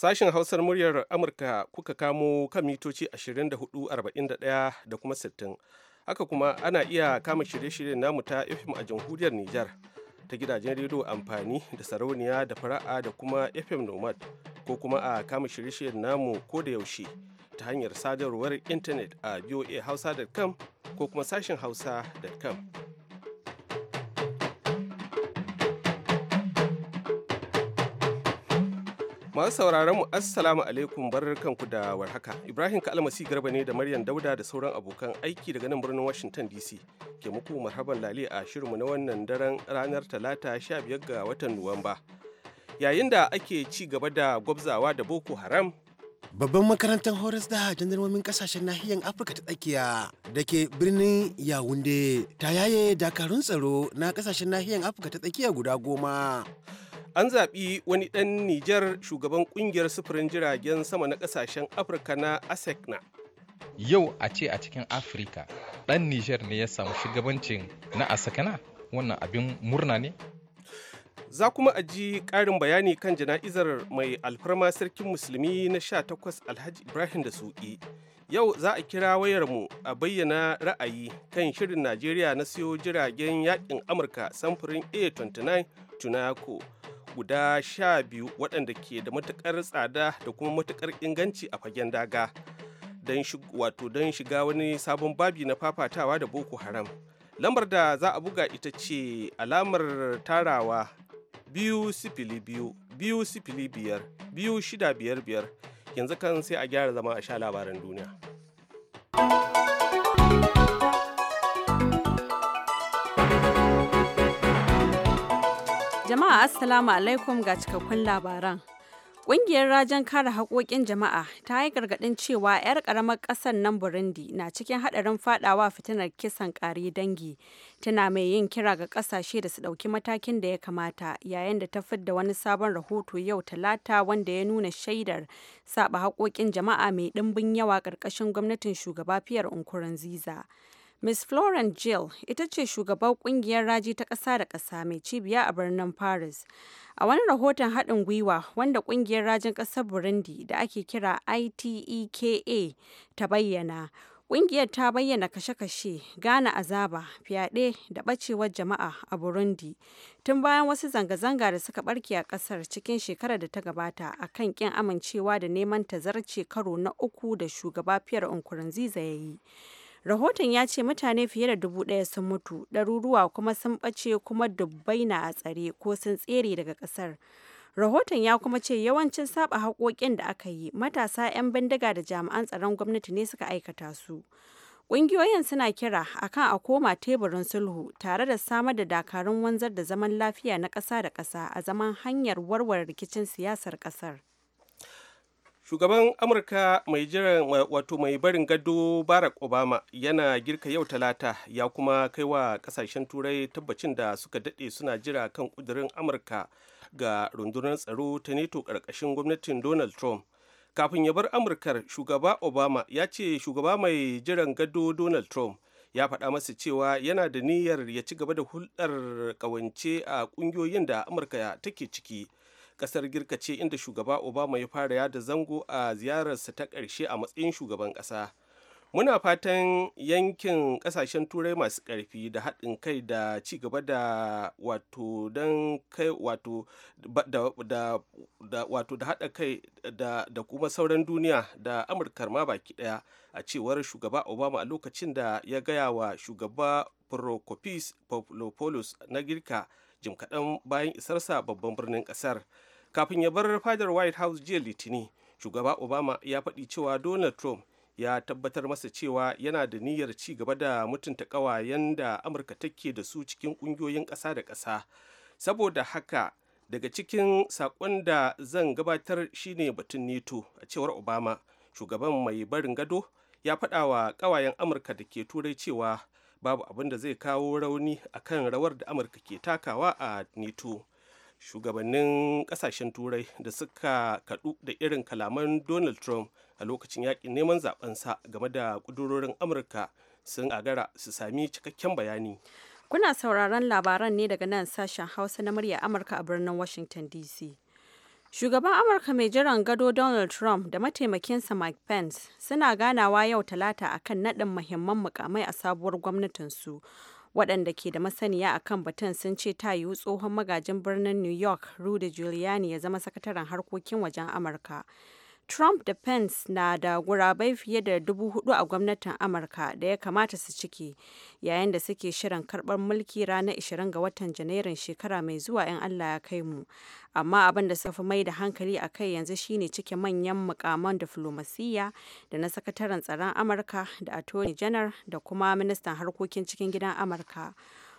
Sashen Hausar muryar Amurka kuka kamo kan mitoci 24,41 da kuma 60. Haka kuma ana iya kama shirye-shiryen namu ta FM a jamhuriyar Nijar ta gidajen rediyo amfani da sarauniya da fara'a da kuma FM Nomad ko kuma a kama shirye-shiryen namu ko da yaushe ta hanyar sadarwar intanet a voahausa.com ko kuma sashen hausa.com. Masu sauraron mu assalamu alaikum barkanku da warhaka. Ibrahim Kalmasi Garba ne da Maryam Dauda da sauran abokan aiki daga nan birnin Washington DC. Ke muku marhaban Lali a shirinmu na wannan daren ranar Talata 15 ga watan Nuwamba. Yayin da ake ci gaba da gwabzawa da Boko Haram Babban makarantar Horas da jandarmomin kasashen nahiyar Afirka ta tsakiya da ke birnin Yawunde ta yaye dakarun tsaro na kasashen nahiyar Afirka ta tsakiya guda goma. an zaɓi wani ɗan nijar shugaban ƙungiyar sufurin jiragen sama na ƙasashen afirka na asecna yau a ce a cikin afirka ɗan nijar ne ya samu shugabancin na wannan abin murna ne za kuma a ji ƙarin bayani kan jana'izar mai alfarma sarkin musulmi na 18 alhaji ibrahim da suƙi yau za a kira wayarmu a bayyana ra'ayi kan shirin najeriya na siyo jiragen yaƙin amurka samfurin a29 tunako guda sha biyu waɗanda ke da matuƙar tsada da kuma matuƙar inganci a fagen daga wato don shiga wani sabon babi na fafatawa da boko haram lambar da za a buga ita ce alamar tarawa biyu sifili biyu biyu sifili biyar biyu shida biyar biyar yanzu kan sai a gyara zama a sha labaran duniya. Jama'a Assalamu alaikum ga cikakkun labaran. Ƙungiyar Rajen Kare Haƙoƙin Jama'a ta yi gargaɗin cewa 'yar ƙaramar ƙasar nan Burundi na cikin haɗarin faɗawa fitinar kisan ƙare dangi. Tana mai yin kira ga ƙasashe da su ɗauki matakin da ya kamata yayin da ta fidda wani sabon rahoto yau Talata wanda ya nuna shaidar saɓa haƙoƙin jama'a mai ɗimbin yawa ƙarƙashin gwamnatin shugaba Pierre Nkurunziza. ziza. ms Florence Jill ita ce shugabar kungiyar raji ta ƙasa da ƙasa mai cibiya a birnin Paris. A wani rahoton haɗin gwiwa wanda kungiyar rajin ƙasar Burundi da ake kira ITEKA ta bayyana, kungiyar ta bayyana kashe-kashe, gane azaba, fyaɗe da ɓacewar jama'a a Burundi tun bayan wasu zanga-zanga da suka ɓarke a ƙasar cikin shekarar da ta gabata a kan ƙin amincewa da neman tazarce karo na uku da shugaba Pierre Nkurunziza ya yi. Rahoton ya ce mutane fiye da dubu daya sun mutu, ɗaruruwa kuma sun ɓace kuma dubbai na a tsare ko sun tsere daga ƙasar. Rahoton ya kuma ce yawancin saba haƙoƙin da aka yi matasa 'yan bindiga da jami'an tsaron gwamnati ne suka aikata su. Ƙungiyoyin suna kira akan a koma teburin sulhu tare da samar da dakarun wanzar da zaman lafiya na ƙasa da ƙasa a zaman hanyar warware rikicin siyasar ƙasar. shugaban amurka mai jiran wato mai barin gado barack obama yana girka yau talata ya kuma kai wa kasashen turai tabbacin da suka daɗe suna jira kan kudurin amurka ga rundunar tsaro ta neto ƙarƙashin gwamnatin donald trump kafin ya bar amurkar shugaba obama ya ce shugaba mai jiran gado donald trump ya faɗa masa cewa yana da niyyar ya ci gaba da hulɗar ƙawance a ƙungiyoyin da amurka take ciki kasar girka ce inda shugaba obama ya fara yada zango a ziyararsa ta ƙarshe a matsayin shugaban ƙasa muna fatan yankin ƙasashen turai masu ƙarfi da haɗin kai da ci gaba da wato don kai wato da, da, wato da haɗa kai da, kuma sauran duniya da amurkar ma baki ɗaya a cewar shugaba obama a lokacin da ya gaya wa shugaba prokopis pavlopoulos na girka jim kaɗan bayan isarsa babban birnin ƙasar kafin ya bar fadar white house jiya litini shugaba obama ya faɗi cewa donald trump ya tabbatar masa cewa yana da niyyar ci gaba da mutunta ƙawayen da amurka take da su cikin ƙungiyoyin ƙasa da ƙasa saboda haka daga cikin saƙon da zan gabatar shine batun neto a cewar obama shugaban mai barin gado ya faɗa wa ƙawayen amurka da ke turai cewa babu abin da zai kawo rauni akan rawar da amurka ke takawa a neto shugabannin kasashen turai da suka kadu da irin kalaman donald trump a lokacin yakin neman sa game da kudurorin amurka sun agara su sami cikakken bayani kuna sauraron labaran ne daga nan sashen hausa na murya amurka a birnin washington dc Shugaban Amurka mai jiran gado Donald Trump da mataimakinsa Mike Pence suna ganawa yau Talata akan naɗin muhimman mukamai a sabuwar gwamnatinsu, waɗanda ke da masaniya a kan batun sun ce ta yiwu tsohon magajin birnin new york rudy giuliani ya zama sakataren harkokin wajen amurka Trump da Pence na da gurabai fiye da dubu hudu a gwamnatin Amurka da ya kamata su ciki yayin da suke shirin karbar mulki ranar 20 ga watan Janairun shekara mai zuwa 'yan Allah ya kai mu. Amma abin da suka mai da hankali a kai yanzu shine cike manyan mukaman diflomasiyya da na sakataren tsaron Amurka da Attorney General da kuma ministan harkokin cikin gidan Amurka.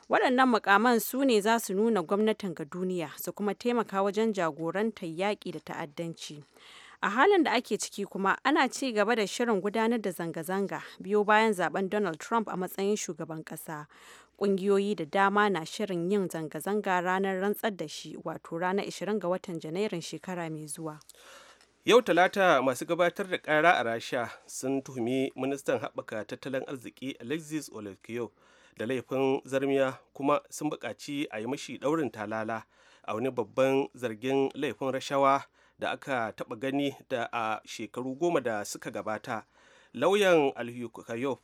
waɗannan mukaman su ne za su nuna gwamnatin ga duniya su kuma taimaka wajen jagorantar yaƙi da ta'addanci a halin da ake ciki kuma ana ci gaba da shirin gudanar da zanga-zanga biyo bayan zaben donald trump a matsayin shugaban kasa kungiyoyi da dama na shirin yin zanga-zanga ranar rantsar da shi wato ranar 20 ga watan janairun shekara mai zuwa yau talata masu gabatar da kara a rasha sun tuhumi ministan haɓaka tattalin arziki alexis olekiyo da laifin zarmiya kuma sun buƙaci a yi mashi ɗaurin talala a wani babban zargin laifin rashawa da aka taɓa gani da a shekaru goma da suka gabata lauyan alhukayof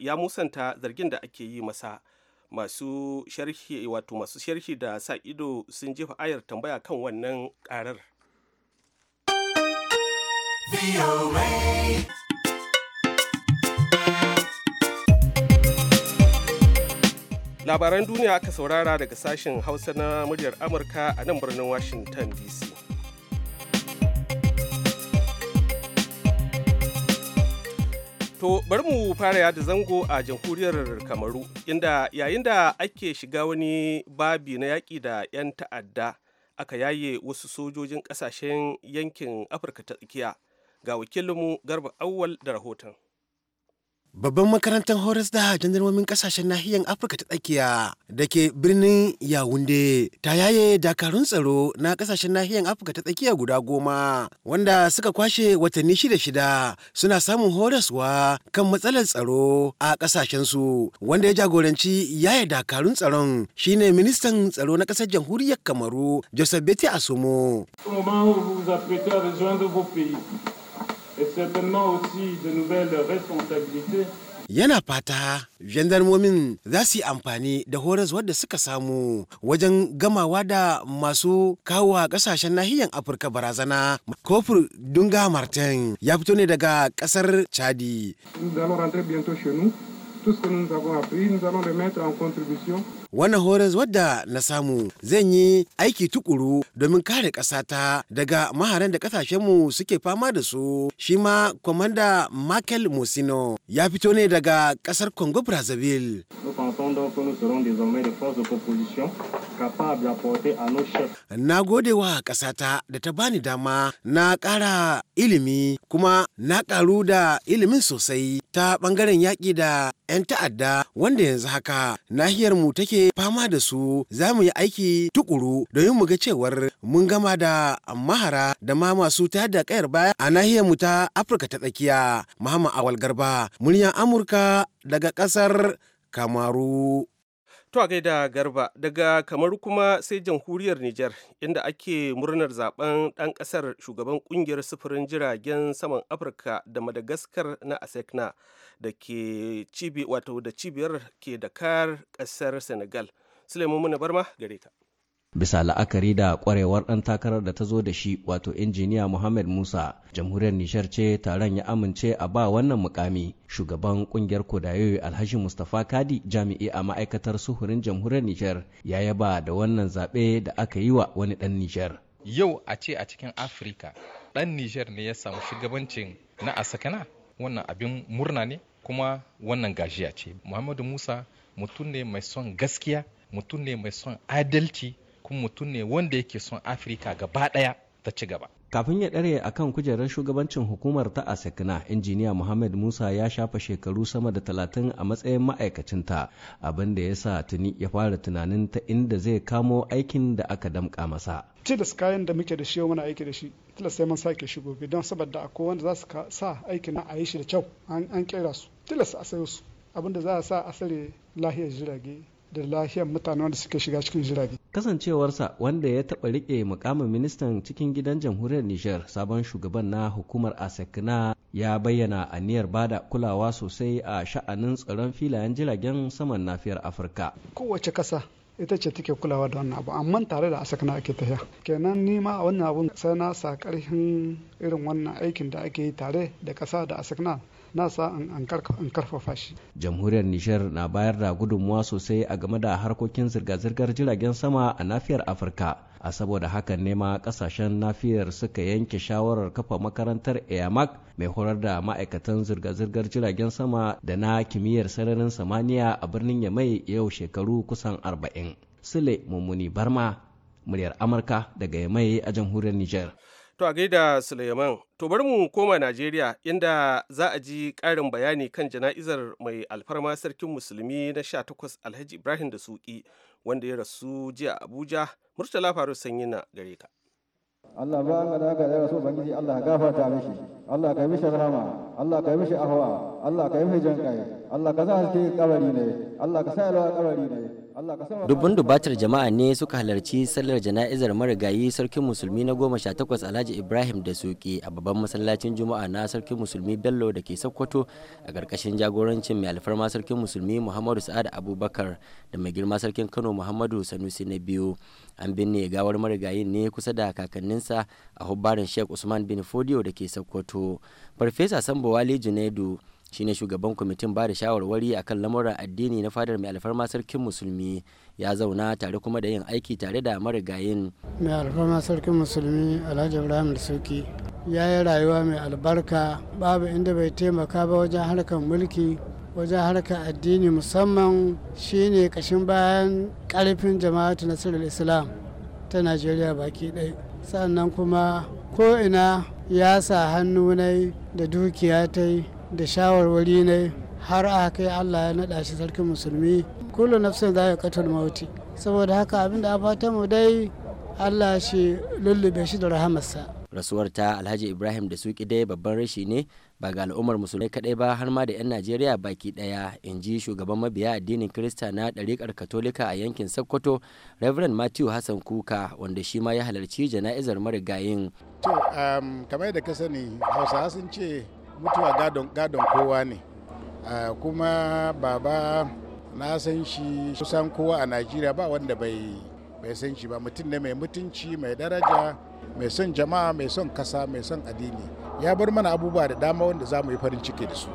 ya musanta zargin da ake yi masa masu sharhi wato masu sharhi da sa ido sun jefa ayar tambaya kan wannan karar labaran duniya aka saurara daga sashen hausa na muryar amurka a nan birnin washington dc To bari mu fara yada zango a jamhuriyar Kamaru inda yayin da ake shiga wani babi na yaƙi da 'yan ta'adda aka yaye wasu sojojin ƙasashen yankin Afirka ta tsakiya ga wakilinmu Garba Awwal da rahoton. Babban makarantar horas da jandarmomin kasashen nahiyar Afirka ta tsakiya da ke birnin Yawunde ta yaye dakarun tsaro na kasashen nahiyar Afirka ta tsakiya guda goma wanda suka kwashe watanni shida-shida suna samun horaswa kan matsalar tsaro a kasashensu wanda ya jagoranci yaye dakarun tsaron shine ministan tsaro na kasar jamhuriyar Kamaru Joseph Beti Asomo. et certainement aussi de nouvelles responsabilités. Yana fata gendarmomin za su yi amfani da horaswar da suka samu wajen gamawa da masu kawo a kasashen nahiyar Afirka barazana. Kofur Dunga Martin ya fito ne daga kasar Chadi. Nous allons rentrer bientôt chez nous. Tout ce que nous avons appris, nous allons le mettre en contribution wannan horas wadda na samu zan yi aiki tukuru domin kare ƙasata daga maharan da ƙasashenmu suke fama da su shi ma kwamanda michael musino ya fito ne daga ƙasar congo brazzaville na gode wa ƙasata da ta bani dama na ƙara ilimi kuma na ƙaru da ilimin sosai ta ɓangaren yaƙi da 'yan ta'adda wanda yanzu haka nahiyar mu take muke fama da su za mu yi aiki tukuru domin mu ga cewar mun gama da mahara da ma masu ta da kayar baya a nahiyar mu ta afirka ta tsakiya muhammad awal garba muryar amurka daga kasar kamaru To a da garba daga kamar kuma sai jamhuriyar Nijar inda ake murnar zaben dan kasar shugaban kungiyar sufurin jiragen saman Afirka da Madagaskar na ASECNA. da ke cibi wato da cibiyar ke dakar kasar senegal sulaiman muna barma gare ka bisa la'akari da kwarewar ɗan takarar da ta zo da shi wato injiniya Muhammad Musa jamhuriyar Nishar ce taron ya amince a ba wannan mukami shugaban kungiyar kodayoyi Alhaji Mustapha Kadi jami'i a ma'aikatar suhurin jamhuriyar Nishar ya yaba da wannan zaɓe da aka yi wa wani ɗan Nishar. Yau a ce a cikin Afirka dan Nishar ne ya samu shugabancin na Asakana wannan abin murna ne kuma wannan gajiya ce muhammadu musa mutum ne mai son gaskiya mutum ne mai son adalci kuma mutum ne wanda yake son afirka gaba ɗaya ta ci gaba kafin ya ɗare a kan kujerar shugabancin hukumar ta asekna injiniya muhammad musa ya shafa shekaru sama da talatin a matsayin ma'aikacinta abinda da ya sa tuni ya fara tunanin ta inda zai kamo aikin da aka damƙa masa tilas kayan da muke da shi muna aiki da shi tilas sai mun sake shi gobe don saboda akwai wanda za su sa aikin a yi shi da kyau an kera su tilas a sayo su abin da za a sa a tsare lahiyar jirage da lahiyar mutane wanda suke shiga cikin jirage kasancewarsa wanda ya taɓa riƙe mukamin ministan cikin gidan jamhuriyar nijar sabon shugaban na hukumar asekna ya bayyana aniyar bada kulawa sosai a sha'anin tsaron filayen jiragen saman nafiyar afirka kowace ƙasa ita ce take kulawa da wannan abu amma tare da asakna e ake tafiya kenan ni ma a wannan abun sai na sa karfin irin wannan aikin da ake yi tare da ƙasa da asakna e na an karfafa shi jamhuriyar nishar na bayar da gudunmuwa sosai a game da harkokin zirga-zirgar jiragen sama a nafiyar afirka a saboda hakan nema kasashen nafiyar suka yanke shawarar kafa makarantar eamak mai horar da ma'aikatan zirga-zirgar jiragen sama da na kimiyyar sararin samaniya a birnin yamai yau shekaru kusan arba'in sule mummuni barma muryar amurka daga yamai a jamhuriyar nijar To a gaida Suleiman, to bari mu koma Najeriya inda za a ji ƙarin bayani kan jana'izar mai alfarma sarkin musulmi na 18 Alhaji Ibrahim da Suki wanda ya rasu jiya Abuja, Murtala Faru Sanyi na gare ka. Allah ba ka da ka da rasu bangiji Allah ka gafarta mishi, Allah ka mishi rahama, Allah ka mishi ahwa, Allah ka mishi jankai, Allah ka sa haske kabari ne, Allah ka sa alwa kabari ne, Dubban dubatar jama'a ne suka halarci sallar jana'izar marigayi sarkin musulmi na goma sha takwas Alhaji Ibrahim da suke a babban masallacin Juma'a na sarkin musulmi Bello da ke Sokoto a ƙarƙashin jagorancin mai alfarma sarkin musulmi Muhammadu Sa'ad Abubakar da mai girma sarkin Kano Muhammadu Sanusi na biyu. An binne gawar marigayin ne kusa da kakanninsa a hubbarin Sheikh Usman bin Fodio da ke Sokoto. Farfesa Sambo Wali Junaidu shine shugaban kwamitin ba da shawarwari kan lamuran addini na fadar mai alfarma sarkin musulmi ya zauna tare kuma da yin aiki tare da marigayin mai alfarma sarkin musulmi alhaji ibrahim suki ya yi rayuwa mai albarka babu inda bai taimaka ba wajen harkar mulki wajen harkar addini musamman shine kashin bayan karfin jama'atu nasarar islam ta najeriya baki ɗaya sannan kuma ko ina ya sa hannu da dukiya ta yi da shawarwari ne har aka kai Allah ya naɗa shi sarkin musulmi kullu nafsin za ya katar mauti saboda haka abin da fata mu dai Allah shi lullube shi da rahamarsa rasuwar ta Alhaji Ibrahim da suki dai babban rashi ne ba ga al'ummar musulmai kadai ba har ma da 'yan Najeriya baki daya in ji shugaban mabiya addinin Kirista na ɗariƙar Katolika a yankin Sokoto Reverend Matthew Hassan Kuka wanda shi ma ya halarci jana'izar marigayin. To um, kamar da ka sani Hausa sun ce mutuwa gadon kowa ne kuma baba na san shi kusan kowa a najeriya ba wanda bai bai san shi ba mutum ne mai mutunci mai daraja mai son jama'a mai son kasa mai son addini ya bar mana abubuwa da dama wanda za mu yi farin ciki da su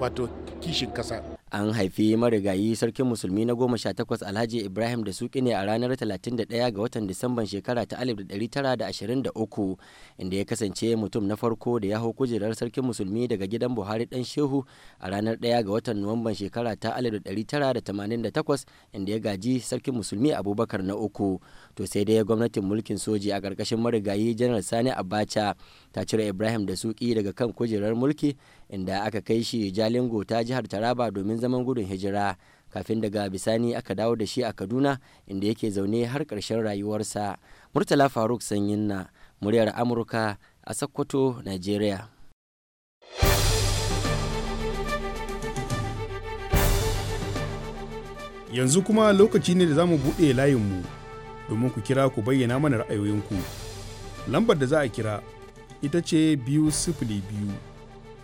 wato kishin kasa an haifi marigayi sarkin musulmi na goma sha takwas alhaji ibrahim da suki ne a ranar 31 ga watan disamban shekara ta 1923 inda ya kasance mutum na farko da ya hau kujerar sarkin musulmi daga gidan buhari dan shehu a ranar 1 ga watan nuwamban shekara ta 1988 inda ya gaji sarkin musulmi abubakar na uku to sai dai gwamnatin mulkin soji a ƙarƙashin marigayi janar sani abacha ta cire ibrahim da suki daga kan kujerar mulki inda aka kai shi jalingo ta jihar taraba domin zaman gudun hijira kafin daga bisani aka dawo da shi a kaduna inda yake zaune har ƙarshen rayuwarsa murtala faruk sanyin na muryar amurka a sokoto nigeria yanzu kuma lokaci ne da za mu buɗe layinmu domin ku kira ku bayyana mana ra'ayoyinku lambar da za a kira ita ce biyu sifili biyu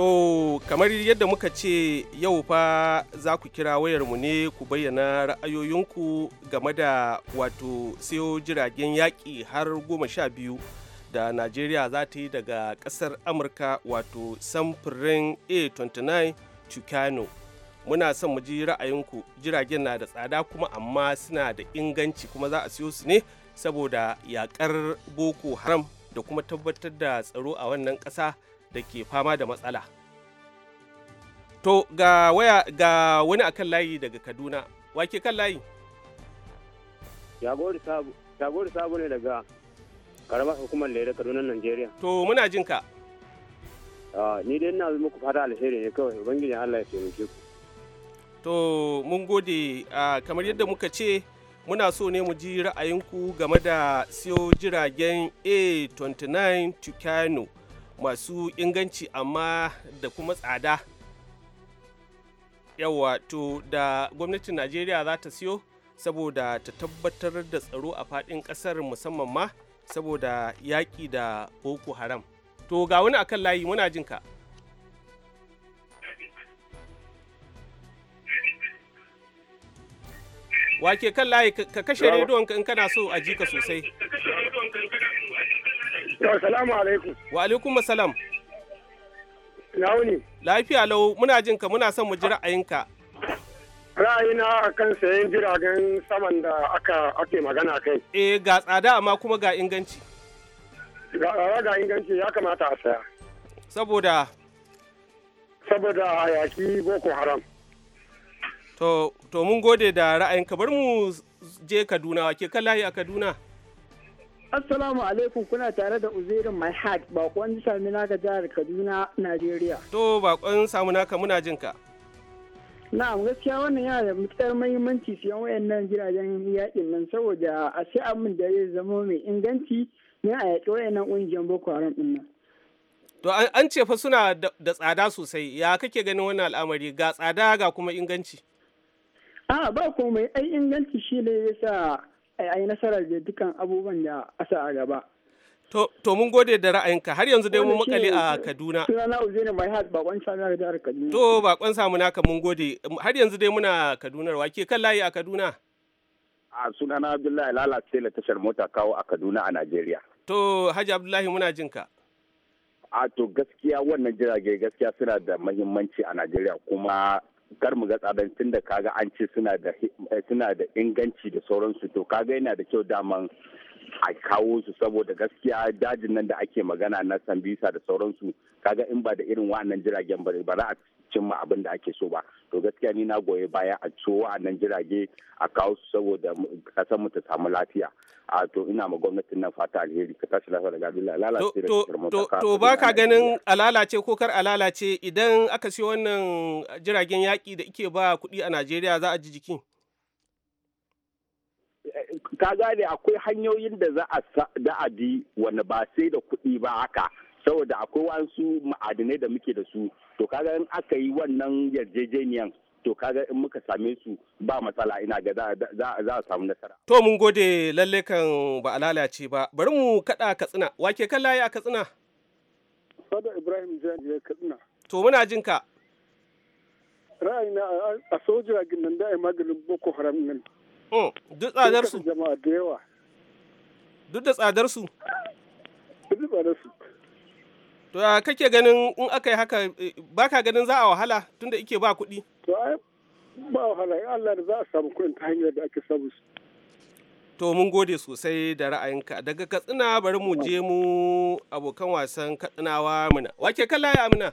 To kamar yadda muka ce yau fa za ku kira wayarmu ne ku bayyana ra'ayoyinku game da wato siyo jiragen yaƙi har goma sha biyu da Najeriya za ta yi daga ƙasar Amurka wato samfurin A29 Tucano. Muna son mu ji ra'ayinku jiragen na da tsada kuma amma suna da inganci kuma za a siyo su ne saboda yaƙar Boko Haram da kuma tabbatar da tsaro a wannan ƙasa. da ke fama da matsala to ga waya ga wani akan layi daga kaduna wake kan layi jagori sabu ne daga karamar hukumar da kaduna najeriya to muna jin ka ni dai ina muku fata alheri ne kawai ubangiji allah ya taimake ku to mun gode kamar yadda muka ce muna so ne mu ji ra'ayinku game da siyo jiragen a29 tucano masu inganci amma da kuma tsada yawa to da gwamnatin najeriya za ta siyo saboda ta tabbatar da tsaro a faɗin ƙasar musamman ma saboda yaƙi da boko haram to ga wani akan layi muna jin ka wake kan layi ka kashe rediyon ka in kana so a ji ka sosai Assalamu alaikum. Wa alaikum assalam. Launi. Lafiya lau muna jin ka muna son mu ji ra'ayinka. Ra'ayina a kan sayen jiragen saman da aka ake magana kai. Eh ga tsada amma kuma ga inganci. Ga tsada ga inganci ya kamata a saya. Saboda. Saboda a yaki Boko Haram. To, to mun gode da ra'ayinka bari mu je Kaduna, ke kan layi a Kaduna? Assalamu alaikum kuna tare da Uzairin My Heart bakon sami ga jihar Kaduna, Najeriya. To bakon samu naka muna jin ka. Na'am gaskiya wannan yana da matukar muhimmanci siyan wayannan jiragen yakin nan saboda a sai amin da zai zama mai inganci ne a yaƙi wayannan ƙungiyar Boko Haram din nan. To an ce fa suna da tsada sosai ya kake ganin wannan al'amari ga tsada ga kuma inganci. A ba komai ai inganci shi ne yasa a yi nasarar da dukkan abubuwan da asa a gaba. To, mun gode da ra'ayinka har yanzu dai mun makale a Kaduna. Sunana Uzaini mai hat bakon samu da Kaduna. To, bakon samu naka mun gode. Har yanzu dai muna Kaduna wa ke kan layi a Kaduna. A sunana Abdullahi lalace la tashar mota kawo a Kaduna a Najeriya. To, Haji Abdullahi muna jin ka. A to gaskiya wannan jirage gaskiya suna da muhimmanci a Najeriya kuma kar mu ga tsadan tun da kaga an ce eh, suna da inganci da sauransu to kaga yana da kyau daman a kawo su saboda gaskiya dajin nan da ake magana na sambisa da sauransu kaga in ba da irin wa'annan jiragen ba za a cimma abin da ake so ba to gaskiya ni na goyi baya a ciwo nan jirage a kawo su saboda kasanmu mu ta samu lafiya a to ina ma gwamnatin nan fata alheri ka tashi lafiya daga dole lalace to ba ka ganin alalace ko kar alalace idan aka siyo wannan jiragen yaƙi da ike ba kuɗi a Najeriya za a ji jiki eh, ka gane akwai hanyoyin da za a bi wani ba sai da kuɗi ba haka saboda akwai wasu ma'adinai da muke da su to kaga in aka yi wannan yarjejeniyan to kaga in muka same su ba matsala ina ga za a samu nasara. To mun gode lalle kan ba a lalace ba bari mu kaɗa katsina wake kan layi a katsina. Sada Ibrahim Jani ya katsina. To muna jin ka. Ra'ayina a soja Ginnan da maganin Boko Haram nan. Duk tsadar su. Jama'a da yawa. Duk da tsadar su. Duk da tsadar su. To ya kake ganin in aka yi haka ba ka ganin za a wahala tunda ike ba kuɗi? To ai ba wahala in Allah da za a samu kuɗin ta hanyar da ake samu. To mun gode sosai da ra'ayinka daga Katsina bari mu je mu abokan wasan Katsinawa muna. Wake kan layi Amina?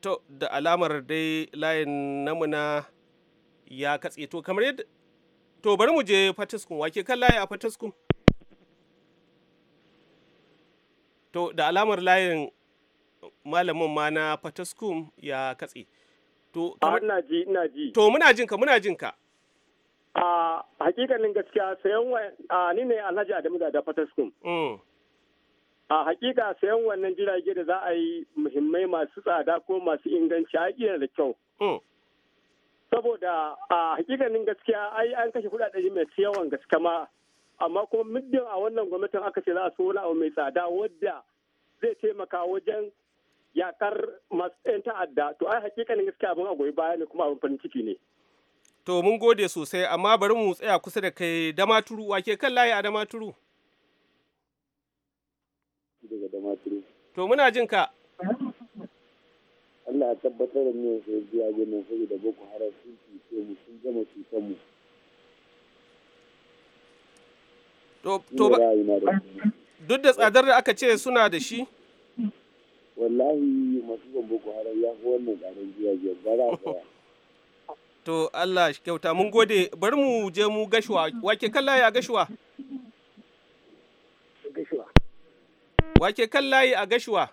To da alamar dai layin namuna ya katse to kamar yadda to bari mu je Fatiskun wake kan layi a Fatiskun? to da alamar layin malamin ma na fataskum ya katse to to muna jin ka muna jin ka a hakikanin gaskiya sayan wa ni ne Alhaji Adamu da fataskum mm. a hakika sayan wannan jirage da za a yi muhimmai masu tsada ko masu inganci a da kyau mm. saboda a hakikanin gaskiya ai an kashe kudaden mai yawan gaske ma amma kuma muddin a wannan gwamnatin aka ce za a abu mai tsada wadda zai taimaka wajen yakar masu 'yan ta'adda to ai hakikanin gaskiya abin a goyi baya ne kuma abin farin ciki ne to mun gode sosai amma bari mu tsaya kusa da kai damaturu wake kan layi a damaturu to muna jin ka Allah ya tabbatar da mu sai biya ginin saboda boko haram sun ce mu sun gama cutar mu duk da tsadar da aka ce suna da shi? Wallahi masu zan ko har ya fi wannan tsadar jiya gara gara. To Allah shi kyauta mun gode bari mu je mu gashuwa wake kalla ya gashuwa? Gashuwa. Wake kalla a gashuwa?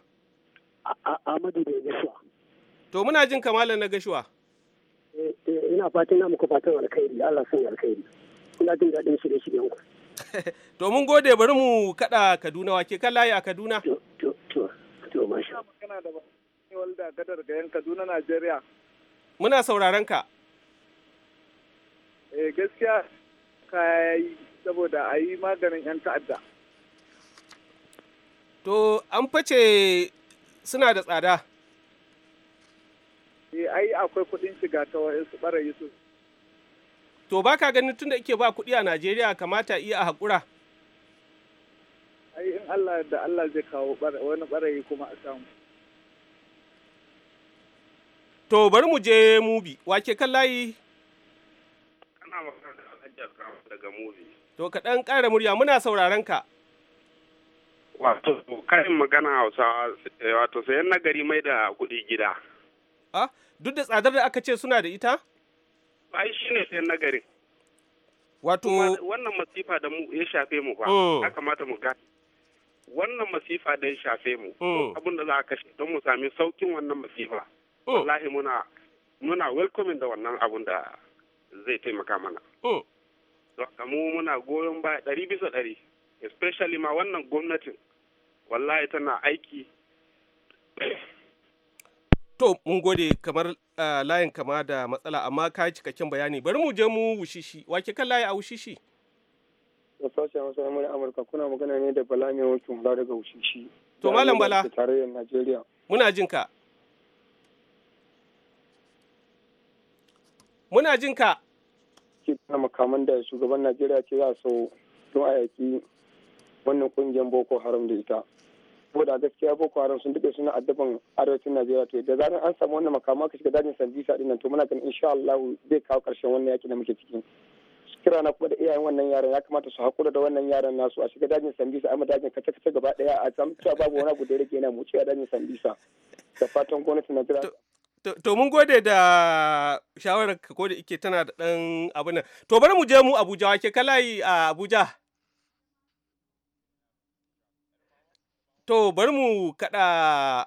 Amadu da gashuwa. To muna jin kamala na gashuwa. Eh, eh, ina fatan na muku fatan alkhairi Allah sun alkhairi. Kuna jin daɗin shirye-shiryen ku. to mun gode bari mu kada Kaduna wake kan layi a Kaduna. gadar Kaduna Muna sauraron ka. Eh gaskiya ka yi saboda a yi maganin yan ta'adda. To an face suna da tsada. Eh ai akwai kuɗin shiga ta su barayi su to ba ka ganin tunda ike ba kuɗi a najeriya kamata iya a haƙura ai in allah da allah zai kawo wani ɓarayi kuma a samu to bari mu je mubi wake kan layi kana magana da alhaji daga mubi to ka ɗan ƙara murya muna sauraron ka wato kayan magana hausa eh, wato sayan nagari mai da kuɗi gida ah, duk da tsadar da aka ce suna da ita ai shi ne sayan nagari wato wannan masifa da mu ya shafe mu ba hmm. ya kamata mu gane wannan masifa da ya shafe mu hmm. abin da za a kashe don mu sami saukin wannan masifa hmm. wallahi muna muna welcoming da wannan abun da zai taimaka mana don mu muna goyon baya ɗari bisa ɗari especially ma wannan gwamnatin wallahi tana aiki To, mun gode kamar layin kama da matsala amma ka yi cikakken bayani bari mu je mu wushishi wake kan layi a wushishi da sashen wasu yamurin amurka kuna magana ne da bala mai wakil mula daga wushishi to malam bala tarayyar najeriya muna jin ka muna jin ka ke kuna makaman da shugaban najeriya ke za a so don a yaki wannan kungiyar boko haram da ita saboda gaskiya boko haram sun dade suna addaban arewacin najeriya to da zaran an samu wannan makama ka shiga dajin sandisa dinnan to muna ganin insha Allah zai kawo karshen wannan yaki da muke ciki kira na kuma da iyayen wannan yaran ya kamata su hakura da wannan yaran nasu a shiga dajin sambisa amma dajin kace kace gaba daya a samu cewa babu wani abu da rage yana muci a dajin sambisa da fatan gwamnati na jira to mun gode da shawarar ka ko da ike tana da dan abin nan to bari mu je mu Abuja wake kalai a Abuja To bari mu kaɗa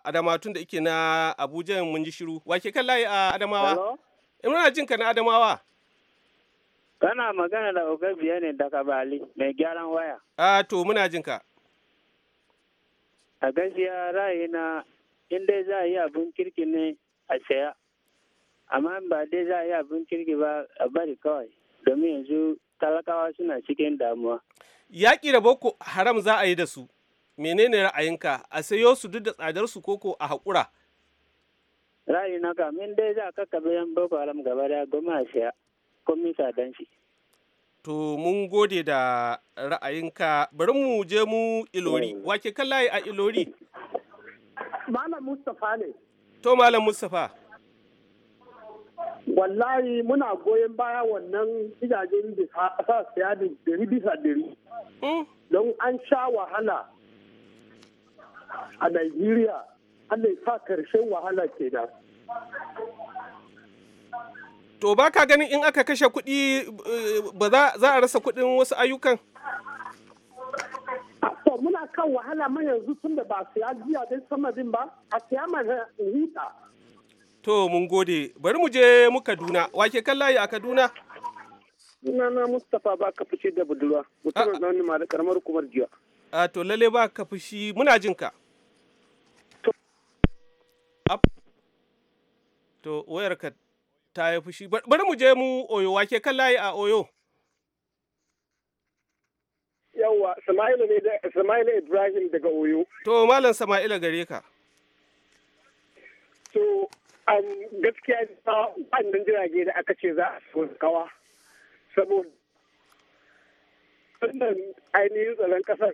Adama tun da ike na Abuja mun ji shiru. Wake kan layi a Adamawa? Imrana eh, jin ka na Adamawa. Kana magana da Ogabiya ne daga Bali mai gyaran waya. A to muna jin ka. A gaskiya ra'ayina in dai za a yi abin kirki ne a saya. Amma ba dai za a yi abin kirki ba a bari kawai domin yanzu talakawa suna cikin damuwa. Yaƙi da boko haram za a yi da su. menene ra'ayinka a sayo su duk da tsadar su koko a haƙura ra'ayi na ka min dai za ka kabe yan boko haram gaba da goma a siya komi sadan shi to mun gode da ra'ayinka bari mu je mu ilori wake kan layi a ilori malam mustapha ne to malam mustapha wallahi muna goyon baya wannan gidajen da sa siya da dari bisa dari hmm? don an sha wahala a Najeriya Allah ya sa karshen wahala ke da. To ba ka ganin in aka kashe kuɗi eh, ba za a rasa kuɗin wasu ayyukan? To muna kan wahala mai yanzu tun da ba siya jiya don sama din ba, a siya mana huta. To mun gode, bari mu je mu Kaduna, wake kan layi a Kaduna? Sunana Mustapha ba ka fushi da budurwa, mutumin zaune ma da karamar kumar jiya. A to lalle ba ka fushi muna jinka. ka. Up. To wayarka ta yi fushi. Bari mu je mu Oyo wake kan layi a Oyo. Yawwa, Sama'ila ne da sama'ila Ibrahim daga Oyo. To Malam Sama'ila gare ka. To um, gaskiya ta wannan jirage da aka ce za a so kawa saboda wannan ainihin tsaron kasar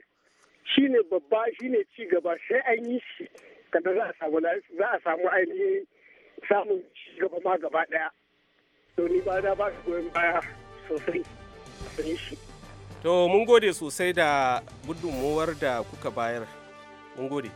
shine babba shine ci gaba sai an yi shi kadan za a samu za a samu ainihin samun gaba ma gaba daya to ni ba na ba goyon baya sosai a shi to mun gode sosai da gudunmuwar da kuka bayar mun gode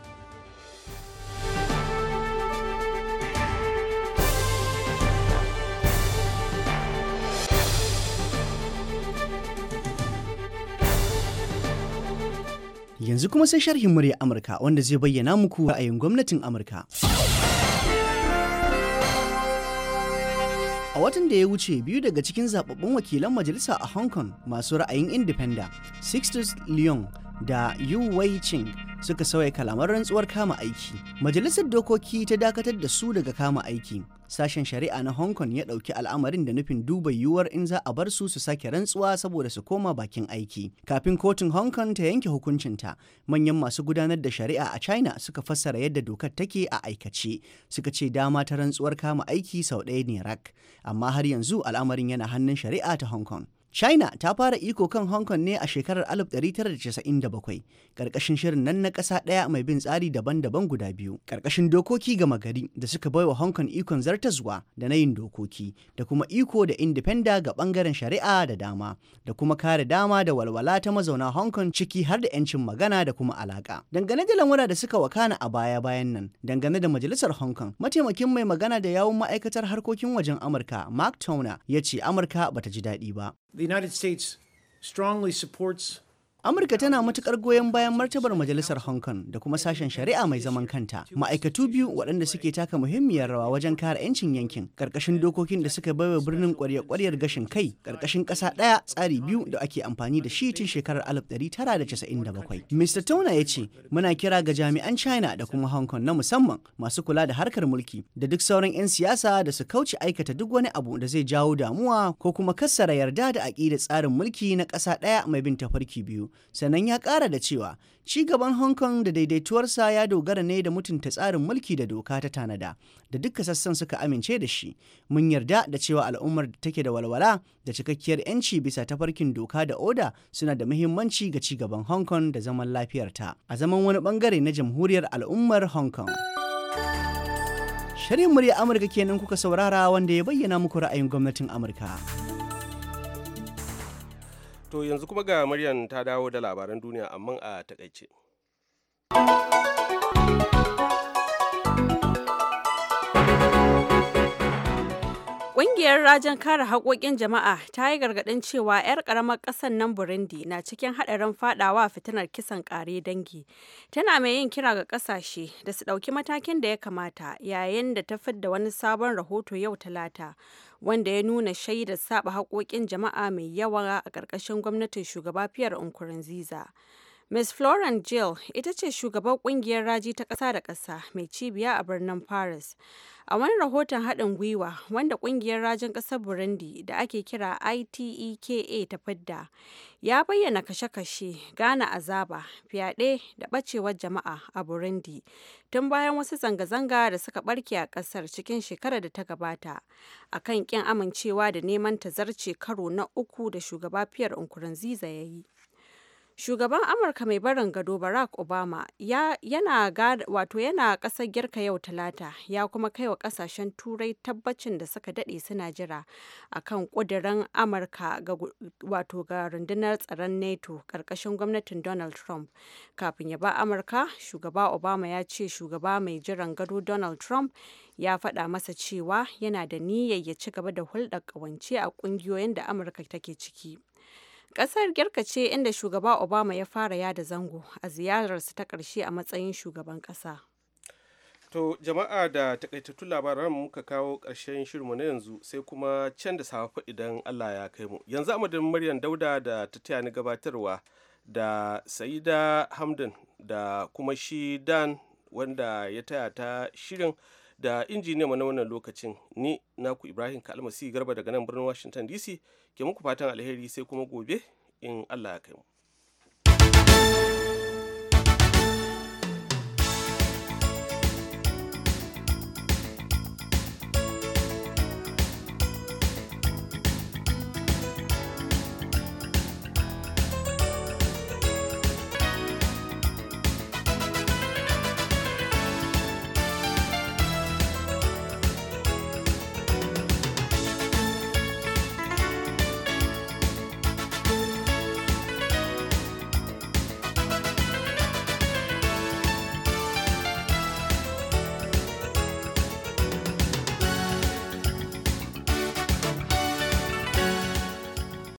Yanzu kuma sai sharhin murya Amurka wanda zai bayyana muku ra'ayin gwamnatin Amurka. A watan da ya wuce biyu daga cikin zababbun wakilan majalisa a Hong Kong masu ra'ayin indifenda, Sixtus Leong da Yu Wei Ching suka sauya kalamar rantsuwar kama aiki. Majalisar dokoki ta dakatar da su daga kama aiki sashen shari'a na hong kong ya ɗauki al'amarin da nufin duba yiwuwar in za a bar su su sake rantsuwa saboda su koma bakin aiki kafin kotun hong kong ta yanke hukuncinta manyan masu gudanar da shari'a a china suka fassara yadda dokar take a aikace suka ce dama ta rantsuwar kama aiki sau ɗaya ne rak amma har yanzu al'amarin yana hannun shari'a ta hong kong China ta fara iko kan Hong Kong ne a shekarar 1997 ƙarƙashin shirin nan na ƙasa ɗaya mai bin tsari daban-daban guda biyu ƙarƙashin dokoki gama gari da suka baiwa Hong Kong ikon zartaswa da na yin dokoki da kuma iko da independa ga ɓangaren shari'a da dama da kuma kare dama da walwala ta mazauna Hong Kong ciki har da 'yancin magana da kuma alaƙa. Dangane da lamura da suka wakana a baya-bayan nan dangane da majalisar Hong Kong mataimakin mai magana da yawun ma'aikatar harkokin wajen Amurka Mark Towner ya ce Amurka bata ji daɗi ba. the United States strongly supports Amurka tana matukar goyon bayan martabar Majalisar Hong Kong da kuma sashen shari'a mai zaman kanta. Ma'aikatu biyu waɗanda suke taka muhimmiyar rawa wajen kare 'yancin yankin, ƙarƙashin dokokin da suka baiwa birnin ƙwarya-ƙwaryar gashin kai, ƙarƙashin ƙasa ɗaya tsari biyu da ake amfani da shi tun shekarar 1997. Mr. Tauna ya ce, muna kira ga jami'an China da kuma Hong Kong na musamman masu kula da harkar mulki da duk sauran 'yan siyasa da su kauce aikata duk wani abu da zai jawo damuwa ko kuma kassara yarda da aƙidar tsarin mulki na ƙasa ɗaya mai bin tafarki biyu. sannan ya ƙara da cewa ci gaban hong kong da daidaituwarsa ya dogara ne da mutunta tsarin mulki da doka ta tanada da duka sassan suka amince da shi mun yarda da cewa al'ummar da take da walwala da cikakkiyar 'yanci bisa tafarkin doka da oda suna da muhimmanci ga ci gaban hong kong da zaman lafiyarta a zaman wani bangare na jamhuriyar al'ummar hong kong shirin murya amurka kenan kuka saurara wanda ya bayyana muku ra'ayin gwamnatin amurka. To yanzu kuma ga Maryam ta dawo da labaran duniya amma a takaice. Ƙungiyar rajen Kare Haƙoƙin Jama'a ta yi gargaɗin cewa 'yar ƙaramar ƙasar nan Burundi na cikin haɗarin faɗawa fitinar kisan ƙare dangi. Tana mai yin kira ga ƙasashe da su ɗauki matakin da ya kamata yayin da ta fidda wani sabon rahoto yau Talata. wanda ya nuna shaidar saba haƙoƙin jama'a mai yawa a ƙarƙashin gwamnatin shugaba Pierre ziza. Ms. Florence Jill ita ce shugaban kungiyar raji ta ƙasa da ƙasa mai cibiya a birnin Paris. A wani rahoton haɗin gwiwa wanda kungiyar rajin ƙasar Burundi da ake kira ITEKA ta fidda ya bayyana kashe-kashe, gana azaba, fyaɗe da ɓacewar jama'a a Burundi tun bayan wasu zanga-zanga da suka ɓarke a ƙasar cikin shekarar da ta gabata a kan ƙin amincewa da neman tazarce karo na uku da shugaba Pierre Nkurunziza ya yi. Shugaban Amurka mai barin gado Barack Obama yana wato Girka yau Talata ya kuma kai wa ƙasashen Turai tabbacin da suka dade suna jira akan kudirin Amurka ga wato ga rundunar tsaron NATO ƙarƙashin gwamnatin Donald Trump. Kafin ya ba Amurka, shugaba Obama ya ce shugaba mai jiran gado Donald Trump ya faɗa masa cewa yana da niyyar ya ci gaba da hulɗar ƙawance a ƙungiyoyin da Amurka take ciki. kasar Girka ce inda Shugaba Obama ya fara yada zango a ziyararsa ta karshe a matsayin shugaban kasa. To jama'a da takaitattu labaran muka kawo ƙarshen shirinmu na yanzu sai kuma can da safe idan Allah ya kai mu. Yanzu amadin Maryam Dauda da ta taya ni gabatarwa da Saida Hamdan da kuma shi Dan wanda ya taya ta shirin. da injiniya na wannan lokacin ni naku ibrahim kalmasi garba daga nan birnin washington dc ke muku fatan alheri sai kuma gobe in allah ya kai mu